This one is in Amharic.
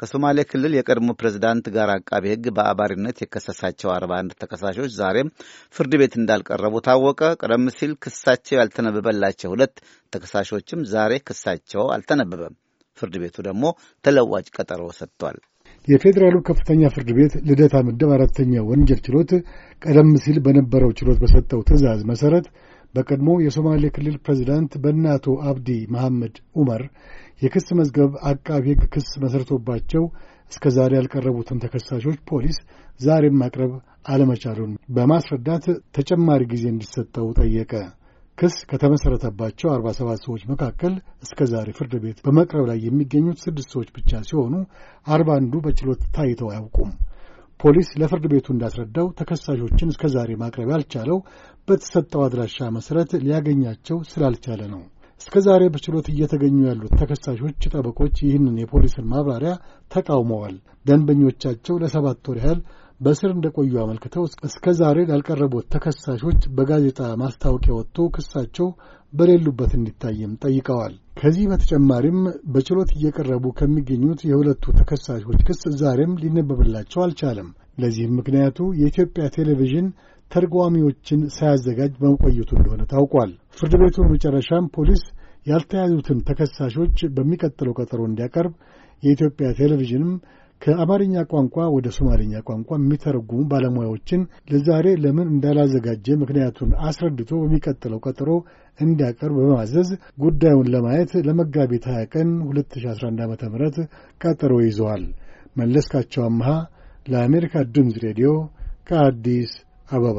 ከሶማሌ ክልል የቀድሞ ፕሬዝዳንት ጋር አቃቤ ሕግ በአባሪነት የከሰሳቸው 41 ተከሳሾች ዛሬም ፍርድ ቤት እንዳልቀረቡ ታወቀ። ቀደም ሲል ክሳቸው ያልተነበበላቸው ሁለት ተከሳሾችም ዛሬ ክሳቸው አልተነበበም። ፍርድ ቤቱ ደግሞ ተለዋጭ ቀጠሮ ሰጥቷል። የፌዴራሉ ከፍተኛ ፍርድ ቤት ልደታ ምድብ አራተኛ ወንጀል ችሎት ቀደም ሲል በነበረው ችሎት በሰጠው ትዕዛዝ መሠረት በቀድሞ የሶማሌ ክልል ፕሬዚዳንት በእነ አቶ አብዲ መሐመድ ዑመር የክስ መዝገብ አቃቢ ሕግ ክስ መሠርቶባቸው እስከ ዛሬ ያልቀረቡትን ተከሳሾች ፖሊስ ዛሬም ማቅረብ አለመቻሉን በማስረዳት ተጨማሪ ጊዜ እንዲሰጠው ጠየቀ። ክስ ከተመሠረተባቸው 47 ሰዎች መካከል እስከ ዛሬ ፍርድ ቤት በመቅረብ ላይ የሚገኙት ስድስት ሰዎች ብቻ ሲሆኑ አርባ አንዱ በችሎት ታይተው አያውቁም። ፖሊስ ለፍርድ ቤቱ እንዳስረዳው ተከሳሾችን እስከ ዛሬ ማቅረብ ያልቻለው በተሰጠው አድራሻ መሠረት ሊያገኛቸው ስላልቻለ ነው። እስከ ዛሬ በችሎት እየተገኙ ያሉት ተከሳሾች ጠበቆች ይህንን የፖሊስን ማብራሪያ ተቃውመዋል። ደንበኞቻቸው ለሰባት ወር ያህል በእስር እንደቆዩ አመልክተው እስከ ዛሬ ላልቀረቡት ተከሳሾች በጋዜጣ ማስታወቂያ ወጥቶ ክሳቸው በሌሉበት እንዲታይም ጠይቀዋል። ከዚህ በተጨማሪም በችሎት እየቀረቡ ከሚገኙት የሁለቱ ተከሳሾች ክስ ዛሬም ሊነበብላቸው አልቻለም። ለዚህም ምክንያቱ የኢትዮጵያ ቴሌቪዥን ተርጓሚዎችን ሳያዘጋጅ በመቆየቱ እንደሆነ ታውቋል። ፍርድ ቤቱ መጨረሻም ፖሊስ ያልተያዙትን ተከሳሾች በሚቀጥለው ቀጠሮ እንዲያቀርብ የኢትዮጵያ ቴሌቪዥንም ከአማርኛ ቋንቋ ወደ ሶማልኛ ቋንቋ የሚተረጉሙ ባለሙያዎችን ለዛሬ ለምን እንዳላዘጋጀ ምክንያቱን አስረድቶ በሚቀጥለው ቀጠሮ እንዲያቀርብ በማዘዝ ጉዳዩን ለማየት ለመጋቢት 20 ቀን 2011 ዓ ም ቀጠሮ ይዘዋል። መለስካቸው አምሃ ለአሜሪካ ድምፅ ሬዲዮ ከአዲስ አበባ